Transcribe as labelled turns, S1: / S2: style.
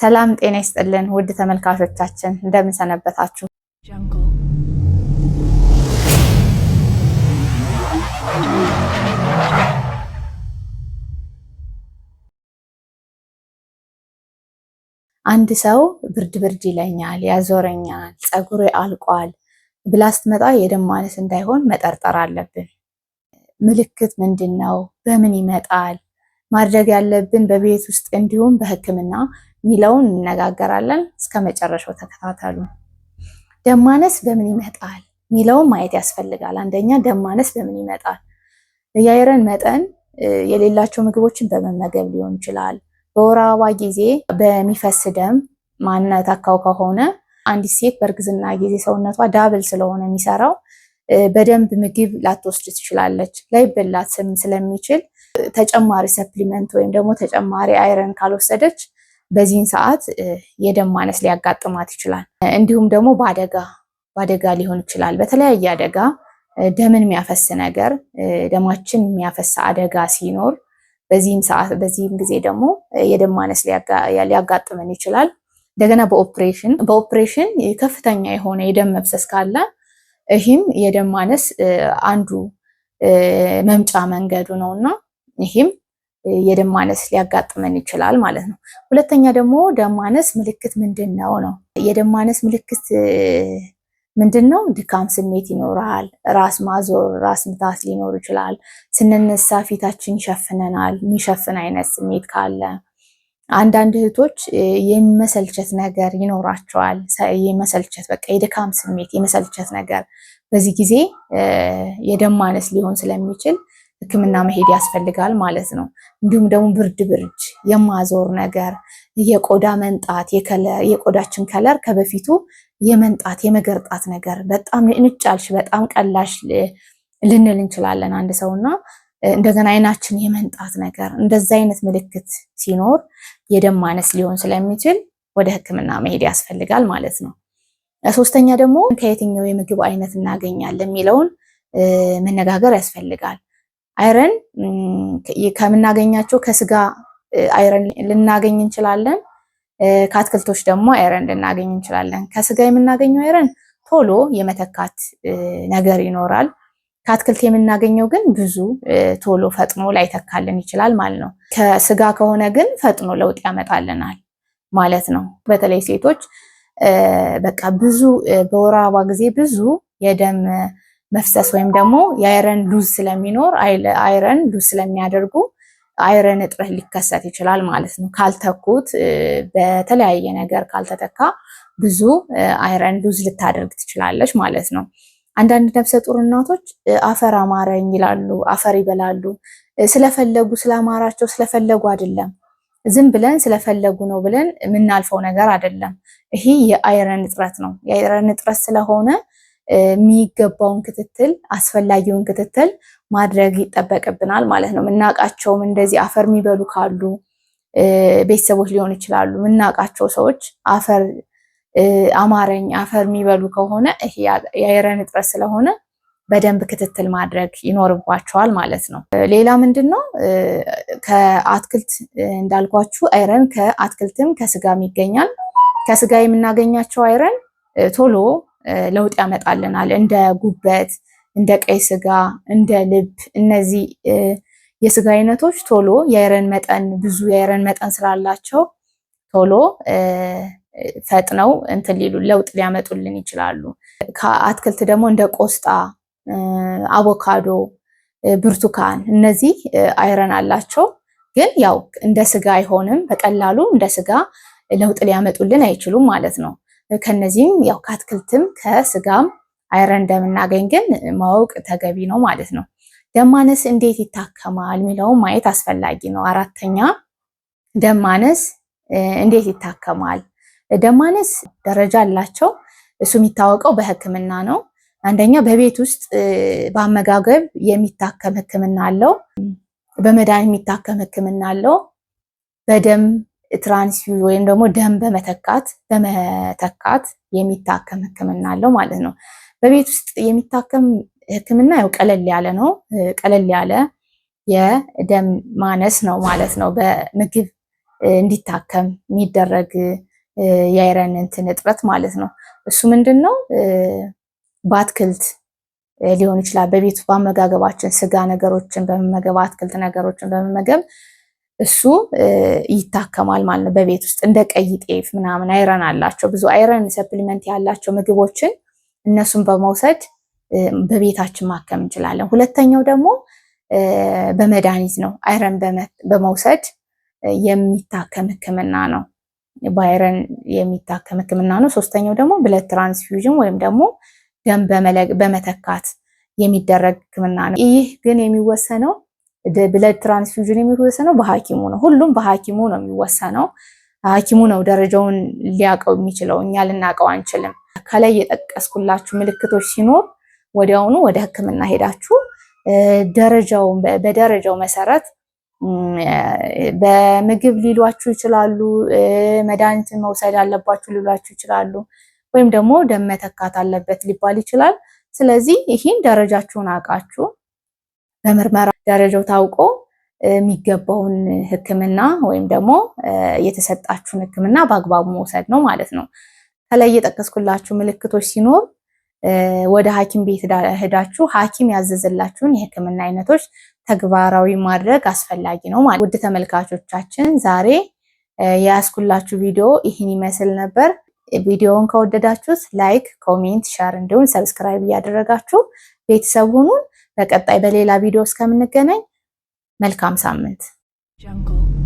S1: ሰላም ጤና ይስጥልን ውድ ተመልካቾቻችን እንደምን ሰነበታችሁ? አንድ ሰው ብርድ ብርድ ይለኛል፣ ያዞረኛል፣ ፀጉሬ አልቋል ብላ ስትመጣ የደም ማነስ እንዳይሆን መጠርጠር አለብን። ምልክት ምንድን ነው? በምን ይመጣል? ማድረግ ያለብን በቤት ውስጥ እንዲሁም በህክምና ሚለውን እንነጋገራለን። እስከ መጨረሻው ተከታተሉ። ደማነስ በምን ይመጣል ሚለውን ማየት ያስፈልጋል። አንደኛ ደማነስ በምን ይመጣል? የአይረን መጠን የሌላቸው ምግቦችን በመመገብ ሊሆን ይችላል። በወር አበባ ጊዜ በሚፈስ ደም አካው ከሆነ አንዲት ሴት በእርግዝና ጊዜ ሰውነቷ ዳብል ስለሆነ የሚሰራው በደንብ ምግብ ላትወስድ ትችላለች። ላይበላት ስለሚችል ተጨማሪ ሰፕሊመንት ወይም ደግሞ ተጨማሪ አይረን ካልወሰደች በዚህን ሰዓት የደም ማነስ ሊያጋጥማት ይችላል። እንዲሁም ደግሞ በአደጋ በአደጋ ሊሆን ይችላል። በተለያየ አደጋ ደምን የሚያፈስ ነገር ደማችን የሚያፈስ አደጋ ሲኖር በዚህም ሰዓት በዚህም ጊዜ ደግሞ የደም ማነስ ሊያጋጥመን ይችላል። እንደገና በኦፕሬሽን በኦፕሬሽን ከፍተኛ የሆነ የደም መብሰስ ካለን። ይህም የደም ማነስ አንዱ መምጫ መንገዱ ነው እና ይህም የደም ማነስ ሊያጋጥመን ይችላል ማለት ነው። ሁለተኛ ደግሞ ደም ማነስ ምልክት ምንድን ነው ነው የደም ማነስ ምልክት ምንድን ነው? ድካም ስሜት ይኖራል። ራስ ማዞር፣ ራስ ምታት ሊኖር ይችላል። ስንነሳ ፊታችን ይሸፍነናል። የሚሸፍን አይነት ስሜት ካለ አንዳንድ እህቶች የመሰልቸት ነገር ይኖራቸዋል። የመሰልቸት በቃ የድካም ስሜት የመሰልቸት ነገር፣ በዚህ ጊዜ የደም ማነስ ሊሆን ስለሚችል ሕክምና መሄድ ያስፈልጋል ማለት ነው። እንዲሁም ደግሞ ብርድ ብርድ የማዞር ነገር፣ የቆዳ መንጣት፣ የቆዳችን ከለር ከበፊቱ የመንጣት የመገርጣት ነገር፣ በጣም ንጫልሽ፣ በጣም ቀላሽ ልንል እንችላለን አንድ ሰውና እንደገና አይናችን የመንጣት ነገር እንደዛ አይነት ምልክት ሲኖር የደም ማነስ ሊሆን ስለሚችል ወደ ህክምና መሄድ ያስፈልጋል ማለት ነው። ሶስተኛ ደግሞ ከየትኛው የምግብ አይነት እናገኛለን የሚለውን መነጋገር ያስፈልጋል። አይረን ከምናገኛቸው ከስጋ አይረን ልናገኝ እንችላለን። ከአትክልቶች ደግሞ አይረን ልናገኝ እንችላለን። ከስጋ የምናገኘው አይረን ቶሎ የመተካት ነገር ይኖራል። ከአትክልት የምናገኘው ግን ብዙ ቶሎ ፈጥኖ ላይተካልን ይችላል ማለት ነው። ከስጋ ከሆነ ግን ፈጥኖ ለውጥ ያመጣልናል ማለት ነው። በተለይ ሴቶች በቃ ብዙ በወር አበባ ጊዜ ብዙ የደም መፍሰስ ወይም ደግሞ የአይረን ሉዝ ስለሚኖር አይረን ሉዝ ስለሚያደርጉ አይረን እጥረት ሊከሰት ይችላል ማለት ነው። ካልተኩት በተለያየ ነገር ካልተተካ ብዙ አይረን ሉዝ ልታደርግ ትችላለች ማለት ነው። አንዳንድ ነፍሰ ጡር እናቶች አፈር አማረኝ ይላሉ፣ አፈር ይበላሉ። ስለፈለጉ ስላማራቸው ስለፈለጉ አይደለም፣ ዝም ብለን ስለፈለጉ ነው ብለን የምናልፈው ነገር አይደለም። ይሄ የአይረን እጥረት ነው። የአይረን እጥረት ስለሆነ የሚገባውን ክትትል አስፈላጊውን ክትትል ማድረግ ይጠበቅብናል ማለት ነው። የምናውቃቸውም እንደዚህ አፈር የሚበሉ ካሉ ቤተሰቦች ሊሆን ይችላሉ። የምናውቃቸው ሰዎች አፈር አማረኝ አፈር የሚበሉ ከሆነ ይሄ የአይረን እጥረት ስለሆነ በደንብ ክትትል ማድረግ ይኖርባቸዋል ማለት ነው። ሌላ ምንድን ነው ከአትክልት እንዳልኳችሁ አይረን ከአትክልትም ከስጋም ይገኛል። ከስጋ የምናገኛቸው አይረን ቶሎ ለውጥ ያመጣልናል። እንደ ጉበት፣ እንደ ቀይ ስጋ፣ እንደ ልብ እነዚህ የስጋ አይነቶች ቶሎ የአይረን መጠን ብዙ የአይረን መጠን ስላላቸው ቶሎ ፈጥነው እንትን ሊሉ ለውጥ ሊያመጡልን ይችላሉ። ከአትክልት ደግሞ እንደ ቆስጣ፣ አቮካዶ፣ ብርቱካን እነዚህ አይረን አላቸው። ግን ያው እንደ ስጋ አይሆንም። በቀላሉ እንደ ስጋ ለውጥ ሊያመጡልን አይችሉም ማለት ነው። ከነዚህም ያው ከአትክልትም ከስጋም አይረን እንደምናገኝ ግን ማወቅ ተገቢ ነው ማለት ነው። ደማነስ እንዴት ይታከማል የሚለውም ማየት አስፈላጊ ነው። አራተኛ ደማነስ እንዴት ይታከማል? ደም ማነስ ደረጃ አላቸው። እሱ የሚታወቀው በህክምና ነው። አንደኛ በቤት ውስጥ በአመጋገብ የሚታከም ህክምና አለው። በመድኃኒት የሚታከም ህክምና አለው። በደም ትራንስፊውዝ ወይም ደግሞ ደም በመተካት በመተካት የሚታከም ህክምና አለው ማለት ነው። በቤት ውስጥ የሚታከም ህክምና ያው ቀለል ያለ ነው። ቀለል ያለ የደም ማነስ ነው ማለት ነው። በምግብ እንዲታከም የሚደረግ የአይረን እንትን እጥረት ማለት ነው። እሱ ምንድን ነው በአትክልት ሊሆን ይችላል። በቤት በአመጋገባችን ስጋ ነገሮችን በመመገብ አትክልት ነገሮችን በመመገብ እሱ ይታከማል ማለት ነው። በቤት ውስጥ እንደ ቀይ ጤፍ ምናምን አይረን አላቸው። ብዙ አይረን ሰፕሊመንት ያላቸው ምግቦችን እነሱን በመውሰድ በቤታችን ማከም እንችላለን። ሁለተኛው ደግሞ በመድኃኒት ነው። አይረን በመውሰድ የሚታከም ሕክምና ነው። ባይረን የሚታከም ህክምና ነው። ሶስተኛው ደግሞ ብለድ ትራንስፊውዥን ወይም ደግሞ ደም በመተካት የሚደረግ ህክምና ነው። ይህ ግን የሚወሰነው ብለድ ትራንስፊውዥን የሚወሰነው በሐኪሙ ነው። ሁሉም በሐኪሙ ነው የሚወሰነው። ሐኪሙ ነው ደረጃውን ሊያውቀው የሚችለው፣ እኛ ልናውቀው አንችልም። ከላይ የጠቀስኩላችሁ ምልክቶች ሲኖር ወዲያውኑ ወደ ህክምና ሄዳችሁ በደረጃው መሰረት በምግብ ሊሏችሁ ይችላሉ። መድኃኒት መውሰድ አለባችሁ ሊሏችሁ ይችላሉ። ወይም ደግሞ ደም መተካት አለበት ሊባል ይችላል። ስለዚህ ይህን ደረጃችሁን አውቃችሁ በምርመራ ደረጃው ታውቆ የሚገባውን ሕክምና ወይም ደግሞ የተሰጣችሁን ሕክምና በአግባቡ መውሰድ ነው ማለት ነው። ከላይ የጠቀስኩላችሁ ምልክቶች ሲኖር ወደ ሐኪም ቤት ሄዳችሁ ሐኪም ያዘዘላችሁን የሕክምና አይነቶች ተግባራዊ ማድረግ አስፈላጊ ነው ማለት። ውድ ተመልካቾቻችን ዛሬ የያዝኩላችሁ ቪዲዮ ይህን ይመስል ነበር። ቪዲዮውን ከወደዳችሁት ላይክ፣ ኮሜንት፣ ሸር እንዲሁም ሰብስክራይብ እያደረጋችሁ ቤተሰብ ሁኑን። በቀጣይ በሌላ ቪዲዮ እስከምንገናኝ መልካም ሳምንት።